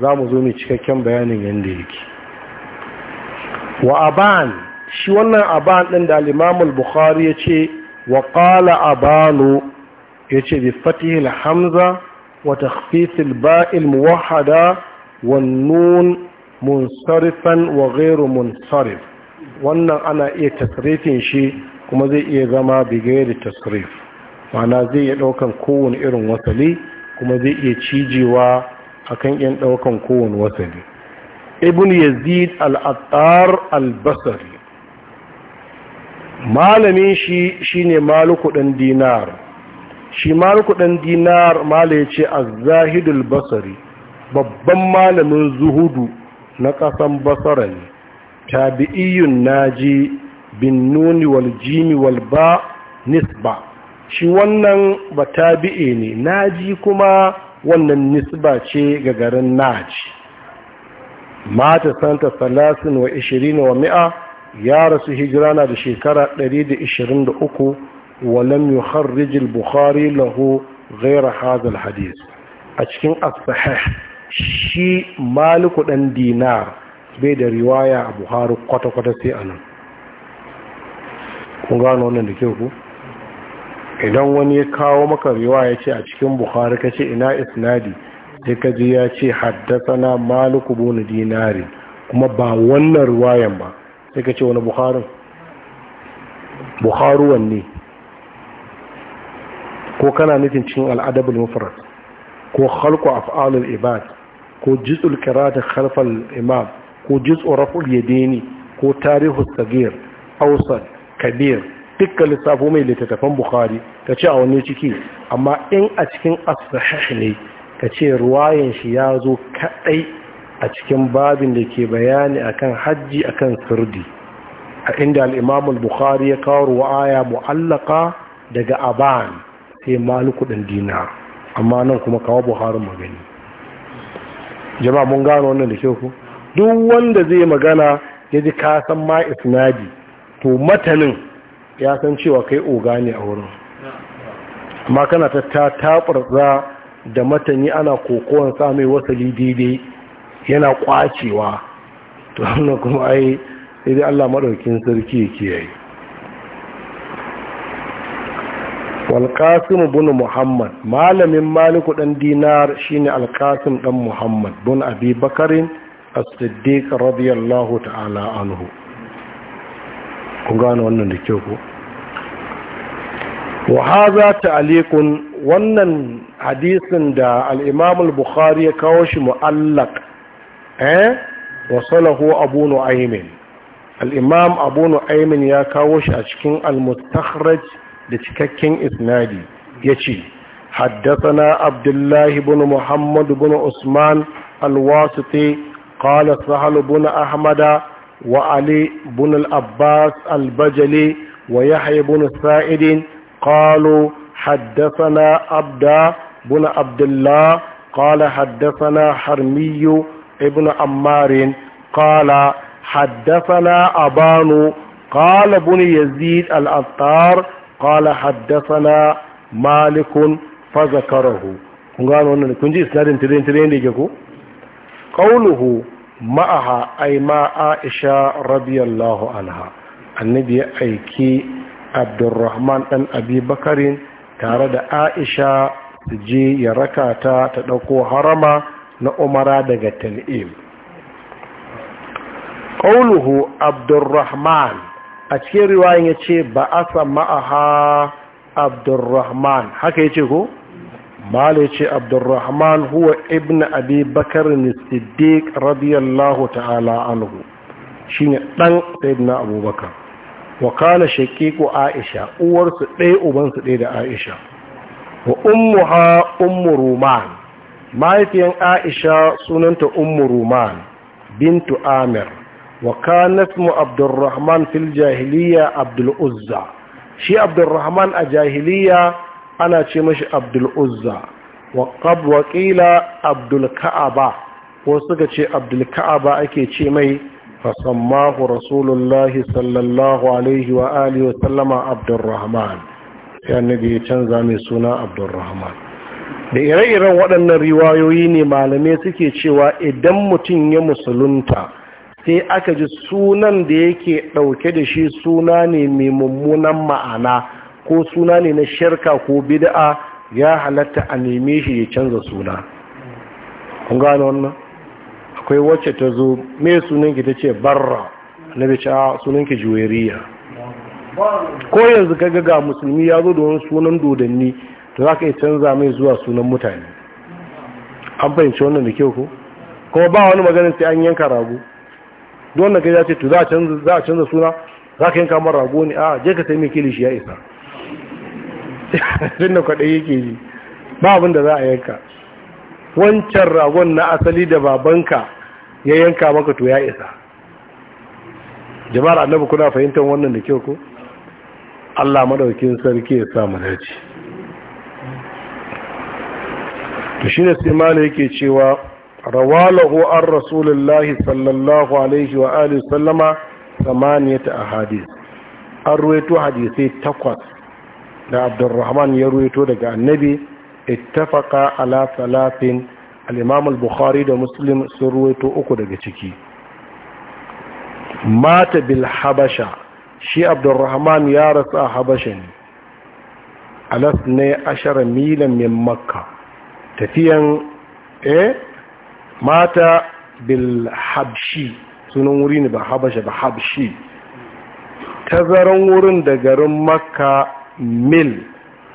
za mu zo mu cikakken bayanin yanda yake wa aban shi wannan aban din da al-Imam al-Bukhari yace wa qala abanu yace bi fatihil hamza wa takhfifil ba'il muwahhada wan nun munsarifan wa ghairu munsarif wannan ana iya tasrifin shi kuma zai iya zama bigayar tasrif mana zai iya ɗaukan kowane irin wasali kuma zai iya cijewa akan yan ɗaukan kowane wasali ibn yazid al-attar al-basri malamin shi shine maluku ɗan dinar shi maluku ɗan dinar mala ya ce az-zahidul basri babban malamin zuhudu na ƙasan basara ne tabi'iyun naji bin nuni wal jimi wal ba nisba shi wannan batabi'e ne naji kuma wannan nisba ce ga garin naji mata santa salasin wa ishirin wa mi'a ya rasu hijira na da shekara 123 walam yi al-bukhari lahu gaira hazal hadis a cikin asfahar shi maliku dan dinar bai da riwaya a buhari kwata-kwata sai anan kun gano wannan da kyau ku idan wani ya kawo maka riwa ya ce a cikin bukhari ka ce ina isnadi sai ka ji ya ce haddasana maliku bunu dinari kuma ba wannan riwayan ba sai ka ce wani bukharin bukharuwan ne ko kana nufin cikin al'adabul mufrad ko khalqu af'alul ibad ko juz'ul qira'ati khalfal imam ko juz'u raf'ul yadaini ko tarihu sagir awsat kabir dukkan lissafo mai littattafan bukhari ka ce a wani ciki amma in a cikin asahih ne ka ce ruwayan shi ya zo kaɗai a cikin babin da ke bayani akan hajji akan sirdi a inda al'imamul bukhari ya kawo ruwaya mu'allaka daga aban sai maluku ɗin dina amma nan kuma kawo buharin magani jama'a mun gano wannan da ke ku duk wanda zai magana ya ji kasan ma isnadi to matanin ya san cewa kai oga ne a wurin amma kana ta ta taɓarza da matani ana kokowar samai wasali daidai yana kwacewa to hannun kuma ai sai dai Allah maɗaukin sarki ya kiyaye walƙasim bin muhammad malamin maliku ɗan dinar shine alƙasim ɗan muhammad bin abi bakarin as-siddiq radiyallahu ta'ala anhu kun gane wannan da kyau ko wa ta'liqun wannan hadisin da al-Imam al-Bukhari ya kawo shi mu'allaq eh wasalahu Abu Nu'aym al-Imam Abu Nu'aym ya kawo shi a cikin al-Mustakhraj da cikakken isnadi yace haddathana Abdullah ibn Muhammad ibn Usman al wasiti qala Sahal ibn Ahmada. وعلي بن الأباس البجلي ويحيى بن السائد قالوا حدثنا عبد بن عبد الله قال حدثنا حرمي ابن عمار قال حدثنا أبان قال بن يزيد الأطار قال حدثنا مالك فذكره kun gano wannan kun ji isnadin tirin tirin ma'aha ai ma aisha radiyallahu anha annabi ya aiki abdurrahman Dan abi tare da aisha su je ya raka ta ta ɗauko harama na umara daga tal'im ƙauluhu abdurrahman a cikin riwayan ya ce ba asa ma'aha abdurrahman haka ya ce ko? bala ce abdurrahman huwa ibn abi bakar siddiq radiyallahu ta'ala anhu shine dan sayyidina abubakar wa kana shaqiqu aisha uwarsu ɗaya ubansu ɗaya da aisha wa ummuha ummu ruman mahaifiyan aisha sunanta ummu ruman bintu amir wa kana ismu abdurrahman fil jahiliya abdul uzza shi abdurrahman a jahiliya ana ce mashi abdul uzza wa ƙila abdul ka'aba wasu suka ce abdul ka'aba ake ce mai fasammahu rasulullahi sallallahu alaihi wa alihi wa sallama abdurrahman Yanni annabi ya canza mai suna abdurrahman da ire-iren waɗannan riwayoyi ne malamai suke cewa idan mutum ya musulunta sai aka ji sunan da yake ɗauke da shi suna ne mai mummunan ma'ana ko suna ne na shirka ko bid'a ya halatta a neme shi ya canza suna kun gano wannan akwai wacce ta zo me sunan ki tace barra Na ce a ah, sunan ki juweriya ko yanzu kaga ga musulmi ya zo da wani sunan dodanni to zaka iya canza mai zuwa sunan mutane an fahimci wannan da kyau ko kuma ba wani maganin sai an yanka rago don da kai ya ce to za a canza suna za ka yanka mara rago ne a ah, je ka sai mai kilishi ya isa tun da kwaɗayi yake ji ba abin da za a yanka wancan ragon na asali da babanka ya yanka maka to ya isa jama'ar annabi kuna fahimtar wannan da kyau ko Allah madaukin sarki ya sa mu dace to ne sai malai yake cewa rawalahu an rasulullahi sallallahu alaihi wa alihi sallama samaniyata hadis an ruwaito hadisai takwas da abdurrahman ya ruwaito daga annabi ittafaqa ala salatin al-imam al-bukhari da muslim sun ruwaito uku daga ciki mata bil habasha shi abdurrahman ya rasu a habasha ne alas ne ashara milan min makka tafiyan eh mata bil habshi sunan wuri ne ba habasha ba habshi tazaran wurin da garin makka mil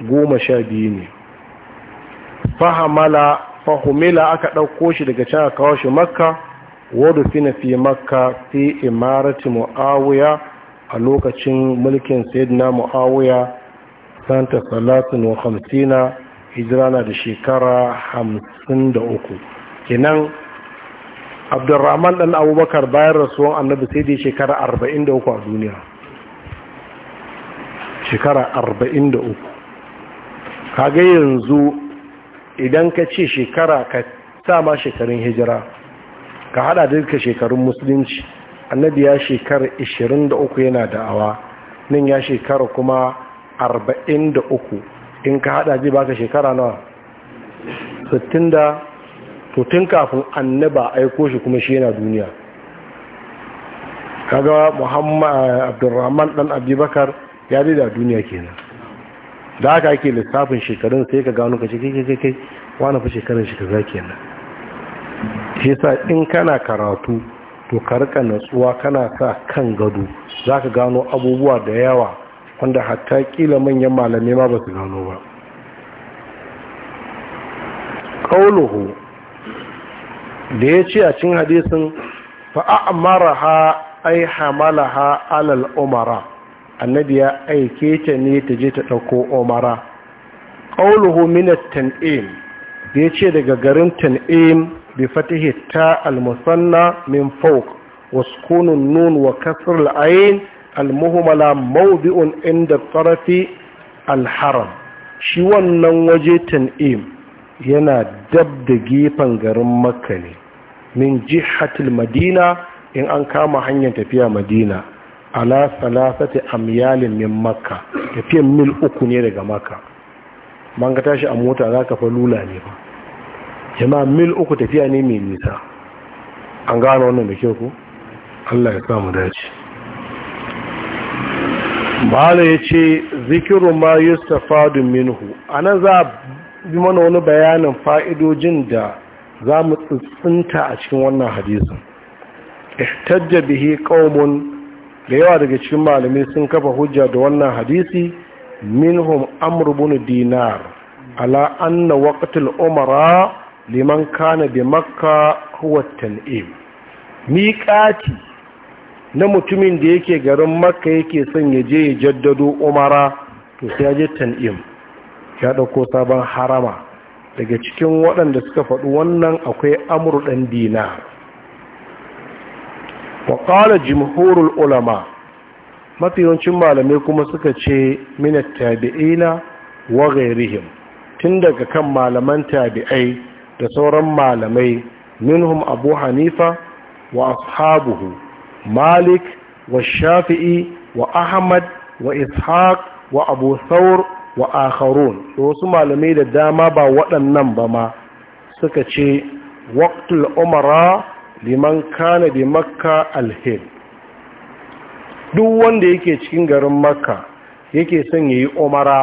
goma sha biyu ne fahamala fahumila aka ɗauko shi daga can a kawo shi makka wadda na fi makka fi imarati mu'awuya a lokacin mulkin sayyidina mu'awuya santa salatin wa hamsina hijira da shekara hamsin da uku kenan abdurrahman dan abubakar bayan rasuwan annabi sai dai shekara arba'in da uku a duniya shekara arba'in da uku kaga yanzu idan ka ce shekara ka sama shekarun hijira ka hada duka shekarun musulunci annabi ya shekara 23 yana da'awa nan ya shekara kuma 43 in ka hada zai baka shekara nawa 60 da to tun kafin annaba aiko shi kuma shi yana duniya kaga muhammad abdurrahman dan abubakar ya da duniya kenan da aka ake lissafin shekarun sai ka gano ka ce kai kai kai wani fi shekarun shi kenan shi sa in kana karatu to ka rika natsuwa kana sa kan gado za ka gano abubuwa da yawa wanda hatta kila manyan malamai ma ba su gano ba Ƙauluhu da ya ce a cikin hadisin fa'a ha ai hamala ha alal umara annabi ya aike ta ne ta je ta ɗauko omara. ƙauluhu minas tan'im da ya ce daga garin tan'im bi fatihi ta almusanna min fauk nun wa kasar la'ayin almuhumala maubi'un inda tsarafi alharam shi wannan waje tan'im yana dab da gefen garin makka ne min jihatil madina in an kama hanyar tafiya madina ala salasati amyalin min makka tafiyan mil uku ne daga makka man ka tashi a mota za ka fa lula ne ba jama mil uku tafiya ne mai nisa an gano wannan da kyau ko allah ya samu dace bala ya ce zikiru ma yustafadu minhu ana za a bi mana wani bayanin fa'idojin da za mu tsintsinta a cikin wannan hadisin ihtajja bihi qaumun da yawa daga cikin malamai sun kafa hujja da wannan hadisi minhum amr ibn dinar ala anna waqtul umara liman kana bi makka huwa tan'im miqati na mutumin da yake garin makka yake son ya je ya jaddado umara to sai ya je tan'im ya dauko sabon harama daga cikin waɗanda suka faɗi wannan akwai amur ɗan dinar wa ƙala jumhurul ulama mafi yawancin malamai kuma suka ce mina tabi'ina wa gairihim tun daga kan malaman tabi'ai da sauran malamai minhum abu hanifa wa ashabuhu malik wa shafi'i wa ahmad wa ishaq wa abu thawr wa akharun da wasu malamai da dama ba waɗannan ba ma suka ce waqtul umara liman kana bi makka alhil duk wanda yake cikin garin makka yake son ya yi umara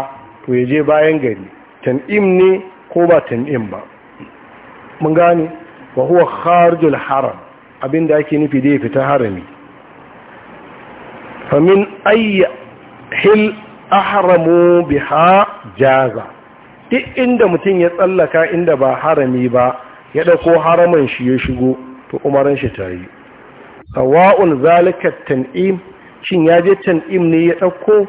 to ya je bayan gari tan'im ne ko ba tan'im ba mun gane wa huwa kharijul haram abinda ake nufi da ya fita harami famin ayya hil ahramu biha jaza duk inda mutum ya tsallaka inda ba harami ba ya ɗauko haraman shi ya shigo to umaran shi ta yi sawa'un zalika tan'im shin ya je tan'im ne ya ɗauko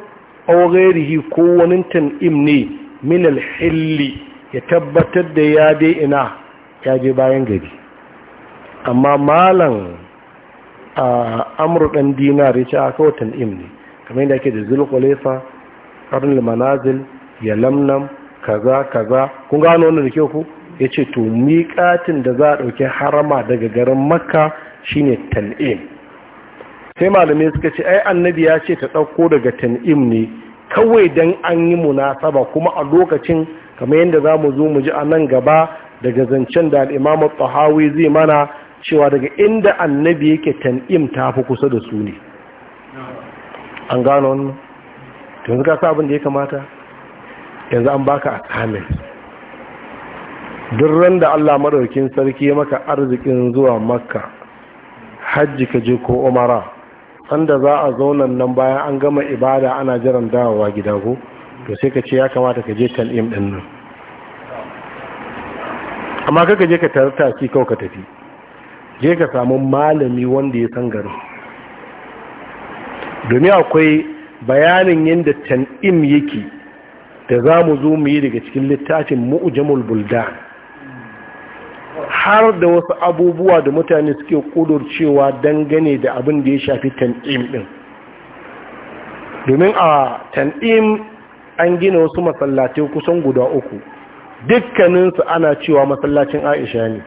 aurerihi ko wani tan'im ne min hilli ya tabbatar da ya je ina ya je bayan gari amma malan a amur ɗan dinar ya ce a kawo tan'im ne kamar yadda ake da zulkulefa karni manazil ya lamnam kaza kaza kun gano wannan da ke ku ya ce to miƙatin da za a ɗauki harama daga garin makka shine tan'im sai malamai suka ce ai annabi ya ce ta ɗauko daga tan'im ne kawai don an yi munasaba kuma a lokacin kamar yadda za mu zo mu ji a nan gaba daga zancen da al'imamu tsahawi zai mana cewa daga inda annabi yake tan'im ta fi kusa da su ne an gano wannan yanzu ka sabon da ya kamata yanzu an baka a duk ran da Allah maɗaukin sarki ya maka arzikin zuwa makka hajji ka je ko umara sanda za a zaunan nan bayan an gama ibada ana jiran dawowa gida ko to sai ka ce ya kamata ka je tan'im din nan amma kaka je ka tarta shi kawai ka tafi je ka samu malami wanda ya san garin domin akwai bayanin yadda tan'im yake da za mu zo mu yi daga cikin littafin mu'ujamul buldan har da wasu abubuwa da mutane suke kudurcewa dangane da abin da ya shafi tan'im ɗin, domin a tan'im an gina wasu masallatai kusan guda uku dukkaninsu ana cewa masallacin aisha ne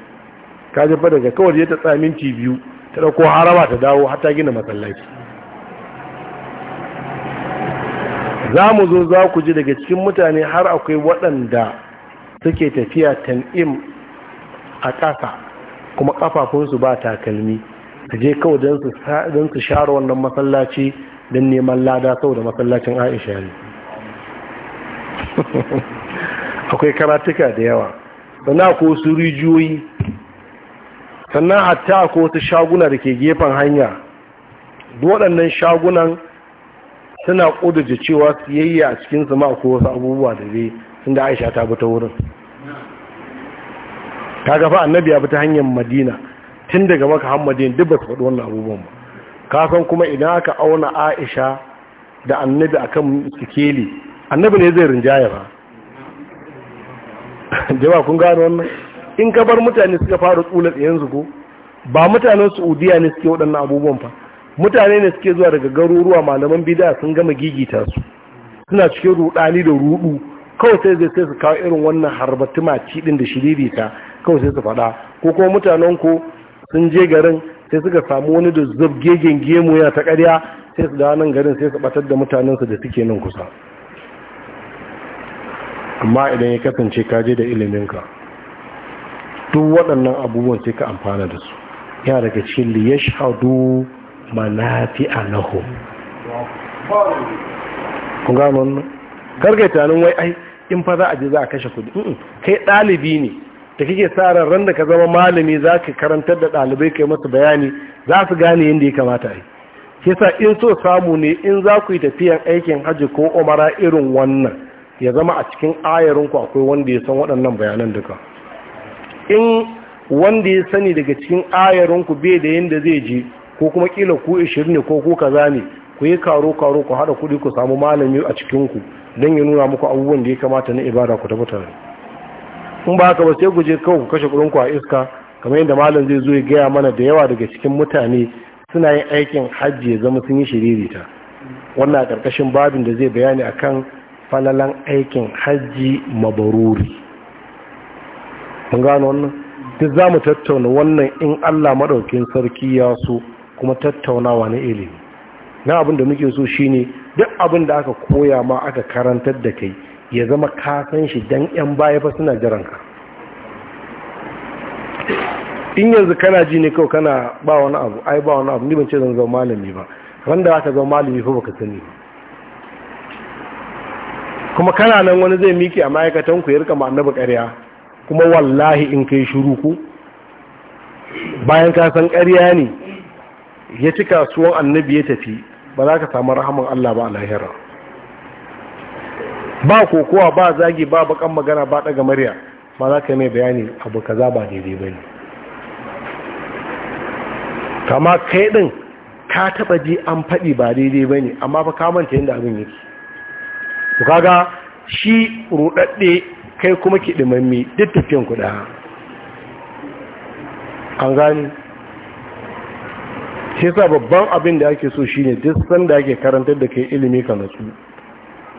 ka jefa daga kawai ya ta tsaminci biyu ta dauko haraba ta dawo har gina masallaci za mu zo za ku ji daga cikin mutane har akwai waɗanda suke tafiya tan'im a ƙasa kuma ƙafafunsu ba takalmi su je kawai don su share wannan masallaci don neman lada saboda masallacin aisha ne akwai karatuka da yawa sannan ko su rijiyoyi sannan hatta ko su shaguna da ke gefen hanya waɗannan shagunan suna ƙudu cewa su siyayya a cikinsu ma ko wasu abubuwa da zai inda aisha ta bi wurin kaga fa annabi ya bi ta hanyar madina tun daga maka hamadin duk ba su faɗi wannan abubuwan ba ka kuma idan aka auna aisha da annabi akan sikeli annabi ne zai rinjaya ba jama kun gano wannan in ka bar mutane suka fara tsula tsayen ko ba mutanen saudiya ne suke waɗannan abubuwan fa mutane ne suke zuwa daga garuruwa malaman bida sun gama gigita su suna cikin rudani da rudu kawai sai zai sai su kawo irin wannan harbatu maci ɗin da shiririta kawai sai su faɗa ko kuma mutanen ku sun je garin sai suka samu wani da zubgegen gemu ya ta ƙarya sai su dawo nan garin sai su batar da mutanensu da suke nan kusa amma idan ya kasance ka je da iliminka duk waɗannan abubuwan sai ka amfana da su ya daga cikin liyash hadu manafi a naho kun gano wannan gargaita nan wai ai in fa za a je za a kashe kuɗi. kai ɗalibi ne da kike sa ran da ka zama malami za ka karantar da ɗalibai kai masu bayani za su gane yadda ya kamata yi kisa in so samu ne in za ku yi tafiyan aikin hajji ko umara irin wannan ya zama a cikin ayarinku akwai wanda ya san waɗannan bayanan duka in wanda ya sani daga cikin ayarinku bai da yadda zai je ko kuma kila ku 20 ne ko ku kaza ne ku yi karo karo ku haɗa kuɗi ku samu malami a cikinku don ya nuna muku abubuwan da ya kamata na ibada ku tabbatar kun ba haka ba sai guje kawai ku kashe kuɗin ku a iska kamar yadda malam zai zo ya gaya mana da yawa daga cikin mutane suna yin aikin hajji ya zama sun yi shiririta wannan a ƙarƙashin babin da zai bayani akan falalan aikin hajji mabaruri mun gano wannan duk za mu tattauna wannan in allah maɗaukin sarki ya so kuma tattaunawa na ilimi na abin da muke so shine duk abin da aka koya ma aka karantar da kai ya zama kasan shi don 'yan baya fa suna jiranka in yanzu kana ji ne kawai kana ba wani abu ai ba wani abu ni ban ce zan zama malami ba wanda za ka zama malami fa baka sani ba. kuma kana nan wani zai miki a ma'aikatan ku ya rika ma'annaba ƙarya kuma wallahi in kai shiru ku bayan ka san ƙarya ne ya ci kasuwan annabi ya tafi ba za ka samu rahaman Allah ba a lahira ba kokowa ba zagi ba bakan magana ba daga murya ba za ka mai bayani abu kaza ba daidai ba ne kama kai din ka taba ji an faɗi ba daidai ba ne amma ba ka manta yadda abin yake ku kaga shi rudadde kai kuma kidimammi duk tafiyan kuɗa an gani sai sa babban abin da ake so shine duk sanda ake karantar da kai ilimi ka natsu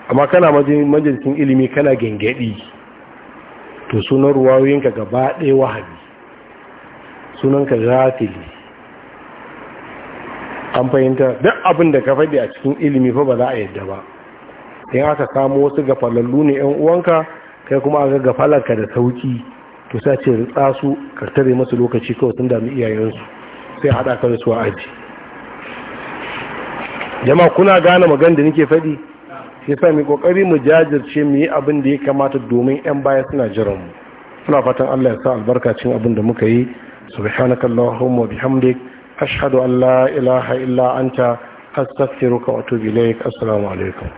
amma kana majalikin ilimi kana gengedi to sunan ruwayoyinka gaba ɗaya wahabi sunanka zafili an fahimta duk abin da ka faɗi a cikin ilimi fa ba za a yadda ba in aka kamo wasu gafalallu ne yan uwanka kai kuma aka gafalarka da sauki to sai ce rutsa su kartare masu lokaci kawai sun dami iyayensu sai haɗa ka da su a aji jama'a kuna gane magan da nake faɗi shi sa mai kokari mu jajirce mu yi abin da ya kamata domin yan baya suna jiran mu muna fatan Allah ya sa albarka cin abin da muka yi subhanakallahumma bihamdik ashhadu an la ilaha illa anta astaghfiruka wa atubu ilaik assalamu alaikum